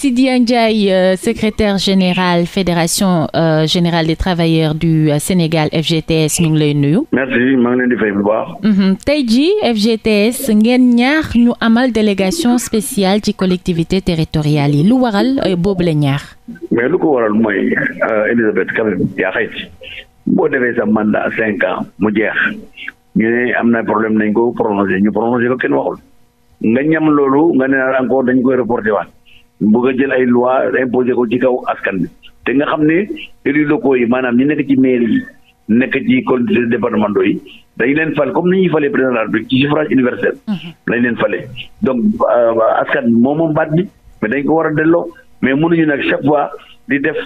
Sidia Ndiaye, euh, secrétaire général Fédération général euh, générale des travailleurs du euh, Sénégal FGTS ñu ngi lay nuyu. merci maa ngi leen di fay bu baax. Mhm. tey jii FGTS ngeen ñaar ñu amal délégation spéciale ci collectivité territoriale yi lu waral boobu la ñaar. mais lu ko waral mooy Elisabeth Kabir yaa xëy ci boo sa mandat cinq ans mu jeex ñu am na problème nañ ko prolongé ñu kenn waxul nga ñam loolu nga ne encore dañ koy reporté waat. bëgg a jël ay loi imposé ko ci kaw askan bi te nga xam ne élus locaux yi maanaam ñi nekk ci mairie yi nekk ci collectivités départementaux yi dañ leen fal comme ni ñuy falee président de la République ci suffrage universel mm-hmm. lañ leen fale donc euh, askan bi moom moom baat bi mais dañ ko war a delloo mais mënuñu nag chaque fois di def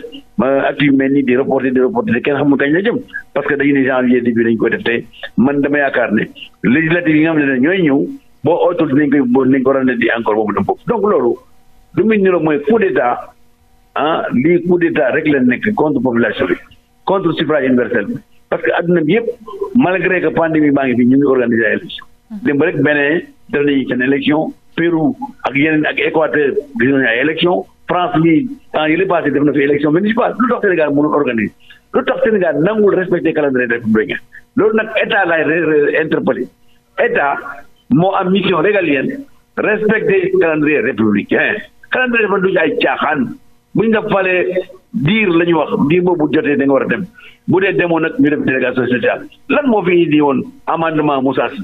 euh, acte yu mel nii di reporter di reporter kenn xamul kañ la jëm parce que dañu ne janvier début dañ koy def te man dama yaakaar ne législative yi nga xam ne ñooy ñëw boo ootul dinañ koy dinañ ko rende di encore boobu loolu lu muy niroo mooy coup d'état ah lii coup d'état rek la nekk contre population bi contre suffrage universel parce que adduna bi yëpp malgré que pandémie baa ngi fi ñu ngi organiser ay élection démb rek beneen def nañu seen élection Pérou ak yeneen ak Équateur gis nañu ay élection France bi temps yële def na fi élection municipale lu tax Sénégal mënul organiser lu tax Sénégal nangul respecté calendrier républicain loolu nag état lay interpellé état calendrier dafa duñu ay caaxaan buñ la falee diir la da nga war a dem bu dee demoon nag ñu def délégation spéciale lan moo fi indi woon amendement Moussa Sy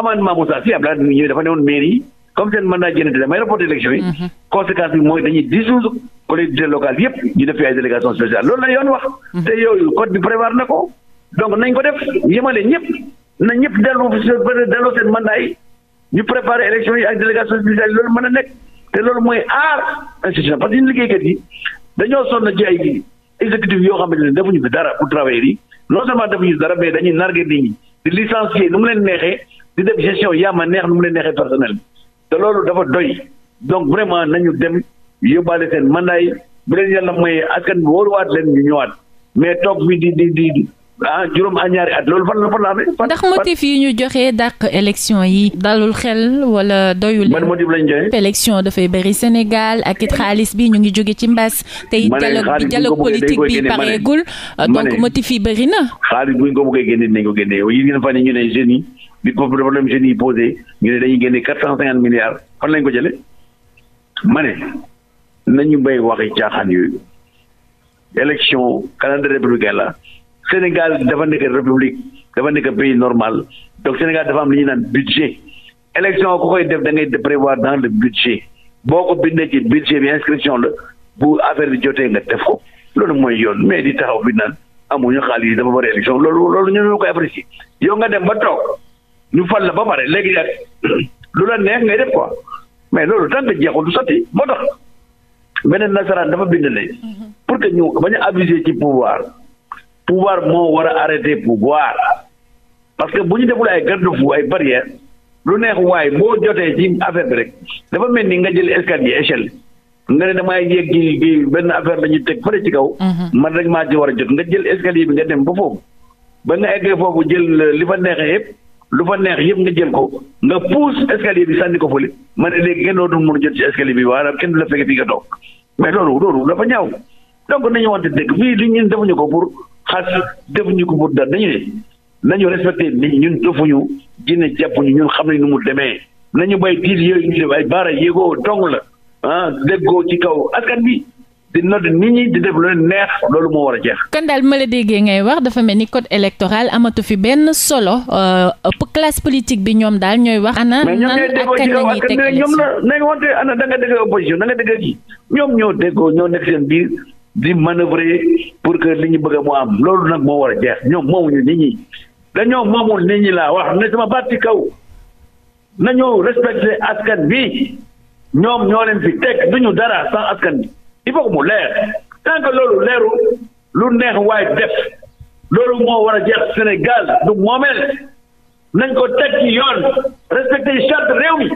amendement Moussa Sy Abdoulaye ñëwee dafa ne woon maire yi comme seen mandat génn te damay reporté élection yi. Mhm. conséquence bi mooy dañuy dissoudre collectivité locale yépp ñu def fi ay délégation spéciale loolu la yoon wax. Mhm. te yooyu code bi prévoir na ko donc nañ ko def yemale ñëpp na ñëpp delloo seen mandat ñu préparé élection yi a te loolu mooy aar institution parce que ñun liggéeykat yi dañoo sonn ci ay exécutif yoo xamante ne defuñu fi dara pour travailleurs yi non seulement defuñu fi dara mais dañuy nargué nit ñi di licencier nu mu leen neexee di def gestion yaa ma neex nu mu leen neexee personnel bi te loolu dafa doy donc vraiment nañu dem yóbbaale seen mandat yi bu leen yàlla mooy askan bi wóoruwaat leen ñu ñëwaat mais toog bi di di di ah juróom a ñaari at loolu fan la fan laa ne. ndax motif yi ñu joxe dàq élection yi dalul xel wala doyul. man motif lañ joxe. élection dafay bëri Sénégal ak it xaalis bi ñu ngi jóge ci mbas. te it dialogue bi dialogue politique bi pareegul. donc motif yi bëri na. xaalis bu ñu ko bëggee génne ko génne yi ngeen fan ñu ne jeunes yi bi problème jeunes yi posé ñu ne dañuy génne quatre cent ko jëlee ma ne nañu bay waxi caaxaan yooyu élection calendrier républicain la. Sénégal dafa nekk république dafa nekk pays normal donc Sénégal dafa am li ñu naan budget élection ku koy def da ngay prévoir dans le budget boo ko bindee ci budget bi inscription la bu affaire bi jotee nga def ko loolu mooy yoon mais di taxaw bi naan amuñu xaalis yi dafa bari élection loolu loolu ñoo koy apprécier yow nga dem ba toog ñu fal la ba pare léegi nag lu la neex ngay def ko mais loolu tant que jeexul du sotti moo tax beneen nasaraan dafa bind ne mm-hmm. pour que ñu bañ a abuser pouvoir moo war a arrêter pouvoir parce que bu ñu deful ay garde-fou ay barrière lu neex waaye boo jotee ci affaire bi rek dafa mel ni nga jël escalier échelle nga ne damay yéeg gi gi benn affaire la ñuy teg fële ci kaw. Mhm. man rek maa ci war a jot nga jël escalier bi nga dem ba foofu ba nga eggee foofu jël li fa neexee yëpp lu fa neex yëpp nga jël ko nga puus escalier bi sànni ko fële ma ne léegi kenn dootul mun jot ci escalier bi waaye kenn du la fekkee fi nga toog mais loolu loolu dafa ñaaw. donc nañu wante dëgg fii li ñun defuñu ko pour xas defuñu ko pour dara dañu ne nañu respecté nit ñun defuñu jinne jàppuñu ñun xam nañ nu mu demee nañu bay diir yooyu ñu def ay baara yéegoo dong la ah déggoo ci kaw askan bi di nodd nit ñi def loolu moo war a jeex. kan daal ma la déggee ngay wax dafa me ni code électoral amatu fi benn solo euh, classe politique bi ñoom daal ñooy wax. ana nan ak kañ la ñuy teg élection mais ñoom ñoo déggoo da nga déggee da nga ñoo déggoo ñoo nekk seen biir di manœuvrer pour que li ñu bëgg moo am loolu na moo war a jeex ñoom moomuñu nit ñi dañoo moomul nit ñi laa wax ne sama baat ci kaw nañu respecté askan bi ñoom ñoo leen fi teg duñu dara sans askan bi il faut que mu leer tant que loolu leeru lu neex waaye def loolu moo war a jeex Sénégal du moomeel nañ ko teg ci yoon respecté charte réew mi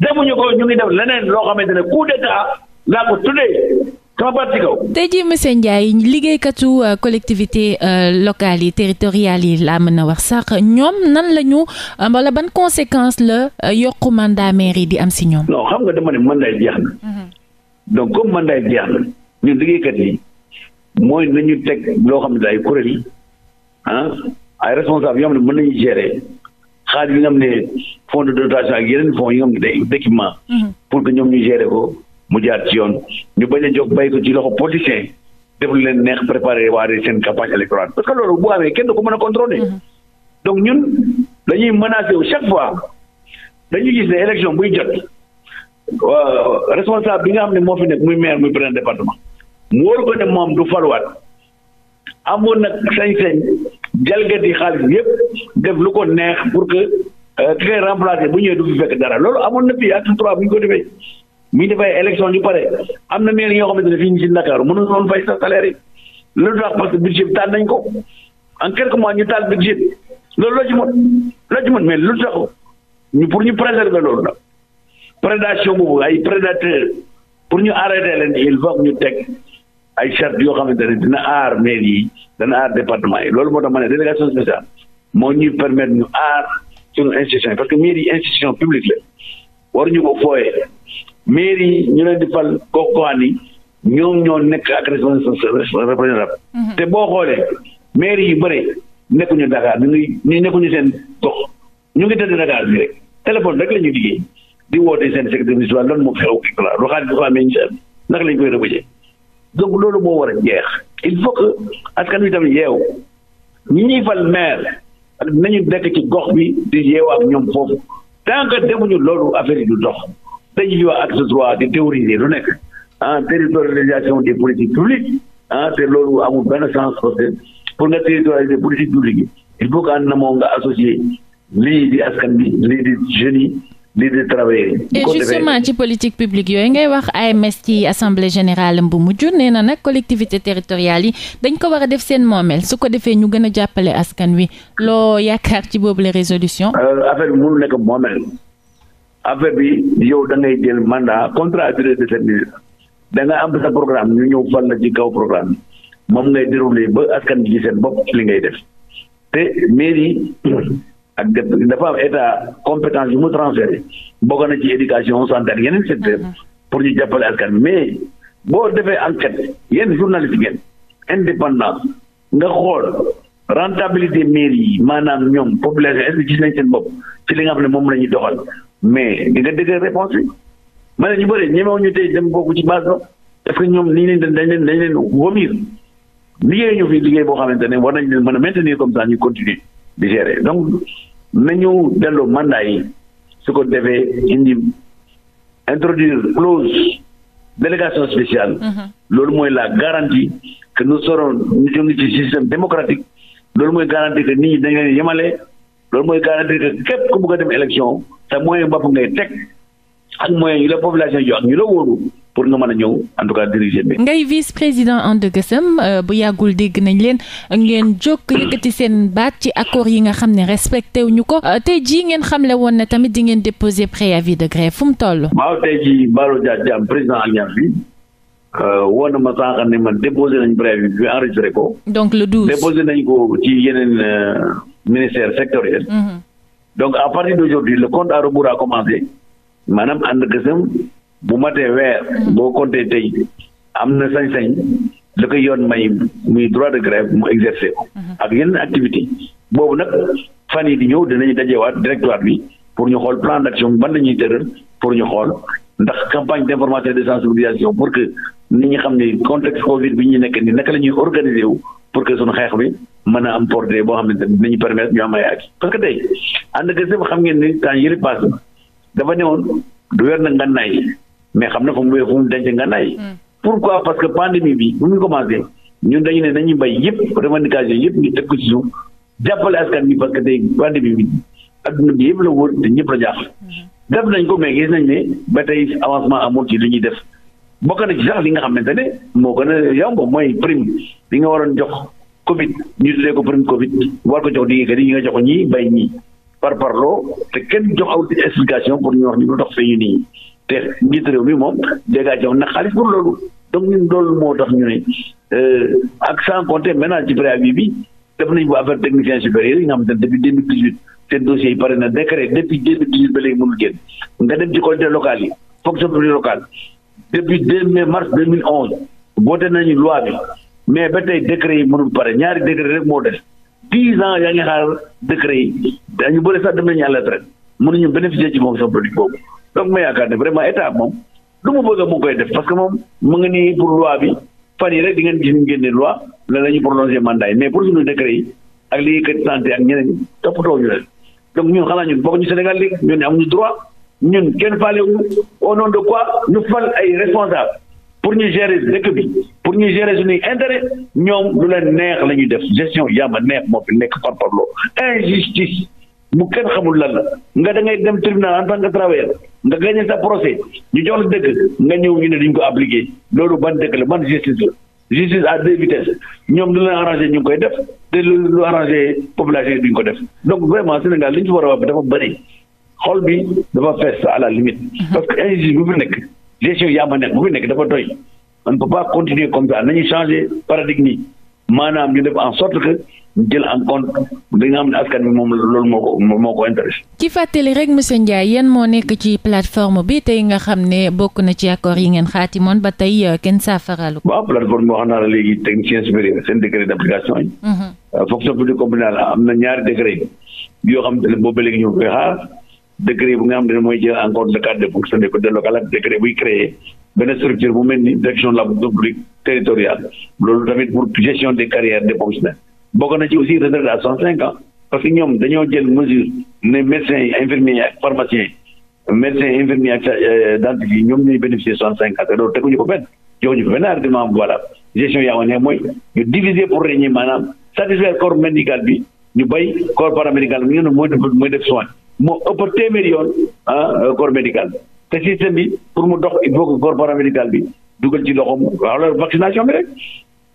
demuñu ko ñu ngi def leneen loo xamante ne coup d'état laa ko tuddee sama baat ci kaw. tey jii monsieur Ndiaye liggéeykatu euh, collectivité euh, locale yi territoriales yi laa mën a wax sax ñoom nan la ñu euh, wala ban conséquence la yokku mandat maire yi di am si ñoom. non xam nga dama ne mandat yi jeex na. Mhm. donc comme mandat yi jeex na ñun liggéeykat yi mooy nañu teg loo xam ne ay kuréel yi ah ay responsable yoo xam ne mën nañu gérer. xaalis yi nga ne fonds de dotation ak yeneen fonds yi nga xam ne mhm. pour que ñoom ñu gérer ko mu jaar ci yoon ñu bañ a jóg bay ko ci loxo politicien def lu leen neex waa waare seen campagne électorale parce que loolu bu amee kenn du ko mën a contrôler mm-hmm. donc ñun dañuy menacer wu chaque fois dañuy gis ne élection buy jot euh, responsable bi nga xam ne moo fi nekk muy maire muy président département mu wóor ko ne moom du faluwaat amoon nag sañ-sañ jalgati xaalis yépp def lu ko neex pour que ki euh, koy bu ñëwee du fi fekk dara loolu amoon na fii acte trois bu ñu ko defee bu ñu defee élection ñu pare am na maire yoo xamante ne fii ñu si Dakar mënuñu woon fay sa salaire yi loolu tax parce que budget bi taal nañ ko en quelques mois ñu taal budget bi loolu loo ci mën loo ci mën mais lu tax ñu pour ñu préserver loolu nag prédation boobu ay prédateurs pour ñu arrêter leen il faut ñu teg ay charte yoo xamante ne dina aar maire yi dana ar département yi loolu moo tax ma ne délégation moo ñuy permettre ñu aar suñu institution yi parce que maire yi institution publique la waruñu ko maire yi ñu leen di fal gox goxaan yi ñoom ñoo nekk ak responsable mhm. te boo xoolee maire yu bëri nekkuñu Dakar ñu ngi ñu nekkuñu seen gox ñu ngi tëdd Dakar bi rek téléphone rek la ñuy liggéey di woote seen secrétaire municipal lan moo xew kii quoi lu xaalis bu amee ñu am naka lañ koy rëbëjee donc loolu moo war a jeex il faut que askan wi tamit yeewu ñi ñuy fal maire ak nañu nekk ci gox bi di yeew ak ñoom foofu tant que demuñu loolu affaire yi du dox. dañuy wax acte a di théoriser lu nekk ah territorialisation des politiques publiques ah te loolu amul benn sens pour nga territorialiser politique publique yi il faut que ànd na moom nga associé lii di askan bi lii di jeunes yi lii di travailleurs yi. et justement ci politique publique yooyu ngay wax AMS ci assemblée générale bu mujj nee na nag collectivité territoriale yi dañ ko war a def seen moomeel su ko defee ñu gën a jàppale askan wi loo yaakaar ci boobu la résolution. Euh, affaire bi mënul nekk moomeel. affaire bi yow da ngay jël mandat contrat à durée déterminée da am sa programme ñu ñëw fal na ci kaw programme moom ngay déroulé ba askan bi ci seen bopp li ngay def te mairie ak dafa am état compétence yu mu transféré bokk na ci éducation santé ak yeneen secteur mhm. pour ñu jàppale askan bi mais boo defee enquête yenn journaliste ngeen indépendant nga xool yi maanaam ñoom population est nañ seen bopp ci li nga xam ne moom la ñuy doxal mais di nga dëgg réponse bi ma ñu bëri ñemewu ñu tey dem bokk ci base ba parce ñoom dañ leen dañ leen dañ leen vomir liggéey ñu fi liggéey boo xamante ne war nañ leen mën a maintenir comme ça ñu continuer di gérer donc nañu delloo mandat yi su ko defee indi introduire clause délégation spéciale. Mm-hmm. loolu mooy la garantie que nous serons ñu ngi ci système démocratique loolu mooy garantie que nit ñi dañ leen yemale loolu mooy garantir que képp ku bëgg a dem élection sa moyen bopp ngay teg ak moyen yu la population jox ak ñu la wóolu pour nga mën a ñëw en tout cas diriger bi. ngay vice président And Gueusseum euh, bu yàggul dégg nañ leen ngeen jóg yëkkati seen baat ci accord yi nga xam ne respecté ñu ko euh, tey jii ngeen xamle woon ne tamit di ngeen déposer préavis de grève fu mu toll. waaw tey jii Baro Dia Dia président alliance bi euh, woon na ma sànq ne ma déposé nañ préavis bi ko. donc le douze déposé nañ ko ci yeneen. ministère sectoriel. Mmh. donc à partir d'aujourd'hui le compte à rebours a commencé maanaam ànd gësam bu matee weer. boo compté tey am na sañ-sañ la ko yoon may muy droit de grève mu exercer ak yenn activité boobu nag fan yi di ñëw dinañu dajewaat directoire bi pour ñu xool plan d'action ban la ñuy tëral pour ñu xool ndax campagne d'information de sensibilisation pour que ni ñi xam ne contexte Covid bi ñu nekk ni naka la ñuy organiser pour que suñu xeex bi mën a am portée boo xam ne tamit dinañu permettre ñu am ay acquis tey ànd ak sëb xam ngeen ni temps yële passé dafa newoon du weer na ngànnaay yi mais xam na fu mu fu mu denc ngànnaay yi hmm. pourquoi parce que pandémie bi bu muy commencé ñun dañu ne nañu bay yëpp revendication yëpp ñu teg ko ci suuf jàppale askan bi parce que tey pandémie bi yëpp la te ñëpp la jaaxle hmm. nañ ko mais nañ ne ba tey avancement amul ci lu ñuy def bokk na ci sax li nga xamante ne moo kon a yomb mooy prime bi nga waroon jox Covid ñu tuddee ko prime Covid war ko jox liggéeykat yi ñu nga jox ko ñii bay ñii par parloo te kenn jox awul explication pour ñu wax ñu lu dox feeñu nii te njiit réew mi moom dégg jox na xaalis pour loolu donc ñun loolu moo tax ñu ne euh, ak sans compter maintenant ci préavis bi def nañu bu affaire technicien supérieur yi nga xam te depuis deux mille dix huit seen dossier yi pare na décret depuis deux mille dix huit ba léegi mënul génn nga dem ci collectivités locales yi fonction publique locale depuis deux mai mars deux mille onze voté nañu loi mais ba tey décret yi mënul pare ñaari décret rek moo des dix ans yaa ngi xaar décret yi dañu bëri sax dem nañu à la retraite mënuñu bénéficier ci moom sax produit boobu donc ma yaakaar ne vraiment état moom lu mu bëgg mu koy def parce que moom mu ngi nii pour loi bi fan yi rek di ngeen gis ñu génne loi la la ñu mandat yi mais pour suñu décret yi ak lii kat santé ak ñeneen ñi toppatoo ñu leen donc ñun xanaa ñun bokk ñu Sénégal pour ñu gérer dëkk bi pour ñu gérer suñuy intérêt ñoom lu leen neex la ñuy def gestion yaama neex moo fi nekk par parloo injustice mu kenn xamul lan la nga da ngay dem tribunal en tant que travailleur nga gagné sa procès ñu jox la dëkk nga ñëw ñu ne duñ ko appliqué loolu ban dëkk la ban justice la justice à deux vitesses ñoom lu leen arrangé ñu ngi koy def te lu lu arrangé population yi duñ ko def donc vraiment Sénégal li ñu war a wax dafa bëri xol bi dafa fees à la limite mm-hmm. parce que injustice gestion yaa ma nekk bu fi nekk dafa doy on ne peut pas continuer comme ça nañu changer paradigme yi maanaam ñu def en sorte que ñu jël en compte li nga ne askan bi moom loolu moo ko intéressé. ci fàttali rek monsieur Ndiaye yéen moo nekk ci plateforme bi tey nga xam ne bokk na ci accord yi ngeen xaatimoon ba tey euh, kenn saafaralu. waaw plateforme bi wax naa la léegi technicien supérieur seen décret d' application yi. Mhm. Euh, fonction publique communale am na ñaari décret yoo xam ne boobu décret bu nga xam ne mooy jël encore le cadre de fonctionnement de local ak décret buy créé benn structure bu mel ni direction de la fonction publique territoriale loolu tamit pour gestion des carrières des fonctionnaires bokk ci aussi retraite à cent cinq ans parce que ñoom dañoo jël mesure ne médecins yi infirmiers yi ak pharmaciens yi médecins yi infirmiers ak euh, dentistes yi ñoom ñuy bénéficier soixante moo ëpp téeméeri yoon a ah, euh, corps médical te système bi pour mu dox il faut que corps bi dugal ci loxo mu loxoom wala vaccination bi rek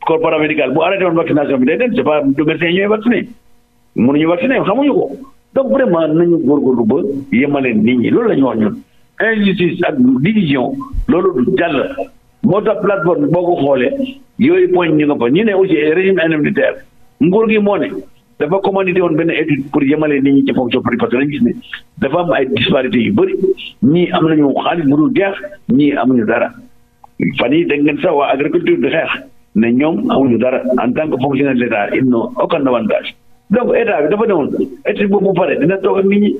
corps paramédical bu arrêté woon vaccination bi day dem c'est pas du médecin ñooy vacciné mënuñu vacciné xamuñu ko donc vraiment nañu góorgóorlu ba yemaleen nit ñi loolu la ñu wax ñun injustice ak division loolu du jàll moo tax plateforme boo ko xoolee yooyu point ñu nga fa ñu ne aussi régime indemnitaire nguur gi moo ne dafa commandité woon benn étude pour yamale ni ñi ci fonction publique parce que dafa am ay disparité yu bëri ñii am na nañu xaalis mu dul ñi ñii amuñu dara fan yi dégg ngeen sax waa agriculture di xeex ne ñoom amuñu dara en tant que fonctionnaire de l'État ils n'ont aucun avantage donc état bi dafa demoon étude boobu bu pare dina toog ak nit ñi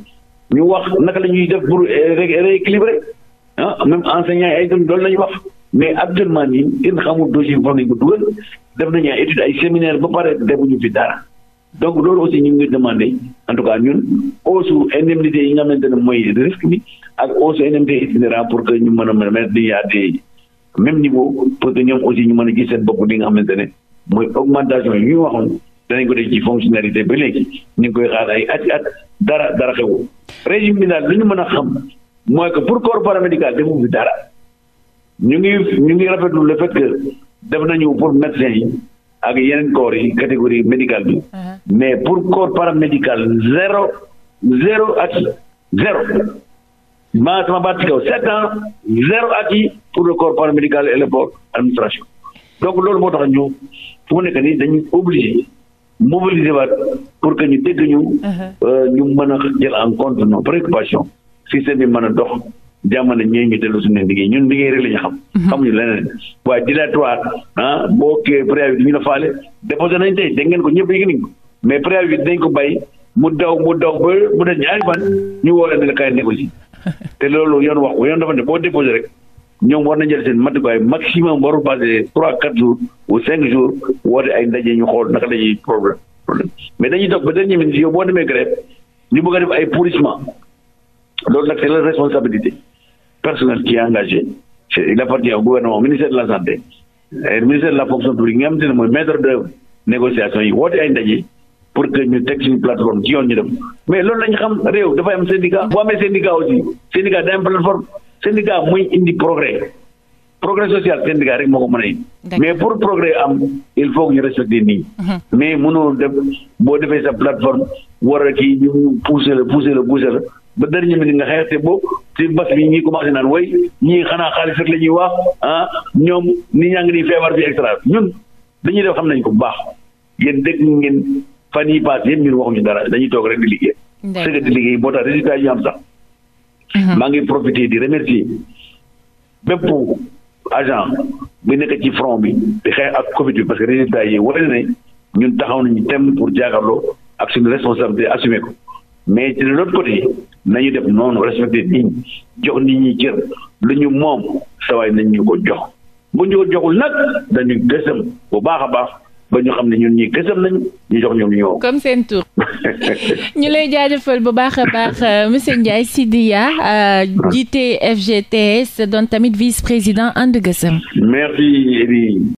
ñu wax naka la ñuy def pour rééquilibrer ah même enseignants yi ay doon loolu la ñu wax mais actuellement nii kenn xamul dossier bi fan la ñu ko dugal def nañu ay étude ba pare defuñu fi dara. donc loolu aussi ñu ngi demandé en tout cas ñun hausse indemnité yi nga xamante ne mooy risque bi ak hausse indemnité itinérant pour que ñu mën a mettre li à des même niveau pour que ñoom aussi ñu mën a gis seen bopp li nga xamante ne mooy augmentation yi ñu waxoon danañ ko def ci fonctionnalité ba léegi ñu ngi koy xaar ay at at dara dara xew régime bi daal lu ñu mën a xam mooy que pour corps paramédical defu fi dara ñu ngi ñu ngi rafetlu le fait que def nañu pour médecin yi ak yeneen corps yi catégorie médicale bi uh-huh. mais pour corps paramédical zéro zéro ak zéro maa sama baat ci kaw sept ans zéro ak yi pour le corps paramédical et le administration donc loolu moo tax ñu fu mu nekk nii dañuy obligé mobiliser waat pour que ñu dégg ñu. Uh-huh. Euh, ñu mën a jël en compte nos préoccupations système bi mën a dox. jamono ñee ngi dellu suñu liggéey ñun liggéey rek la ñu xam. Mhm. xamuñu leneen waaye dilatoire ah boo kii préavis bi duñu la faale déposé nañ tey dégg ngeen ko ñëpp yëg nañ ko mais préavis bi dinañ ko bàyyi mu daw mu daw ba mu des ñaari fan ñu woo leen ne kaay négocier te loolu yoon wax ko yoon dafa ne boo déposé rek ñoom war na jël seen matukaay maximum waru passé trois quatre jours ou cinq jours woote ay ndaje ñu xool naka dañuy problème mais dañuy toog ba dernier minute yow boo demee grève ñu bëgg a def ay pourrissement loolu nag c'est la responsabilité. personnel qui est engagé c'est il appartient gouvernement ministère de la santé ministère de la fonction publique nga xamante ne yi mais loolu lañu xam réew dafay am syndicat bu amee syndicat aussi syndicat day plateforme syndicat mooy indi progrès progrès social syndicat rek moo ko mën a indi mais pour progrès am il faut que ñu respecter nii mhm. mais mënoo def boo defee sa plateforme war a kii ñu pousser la pousser la pousser la ba dernier minute nga xeex te boobu ci mbas bi ñi commencé naan way ñii xanaa xaalis rek la ñuy wax ah ñoom ni ñaa ngi nii feebar bi extra ñun dañuy def xam nañ ko bu baax yéen dégg ngeen fan yi paase yëpp ñun waxuñu dara dañuy toog rek di liggéey. sëga di liggéey boo tax résultat yi ñu am sax. Mhm. maa ngi profité di remercier bépp agent bi nekk ci front bi di xeex ak Covid bi parce que résultat yi wane ne ñun taxaw nañu tem pour jàkkaarloo ak suñu responsabilité assumé ko. mais de l'autre côté nañu def noonu respecté nit ñi jox nit ñi cër lu ñu moom sawaay nañ ñu ko jox bu ñu ko joxul nag dañuy gësëm bu baax a baax ba ñu xam ne ñun ñi gësam nañ ñu jox ñoom ñoo comme seen tur ñu lay jaajëfal bu baax a baax euh, monsieur Ndiaye Sidya euh, jiite FGTS doon tamit vice-président ànd gësam merci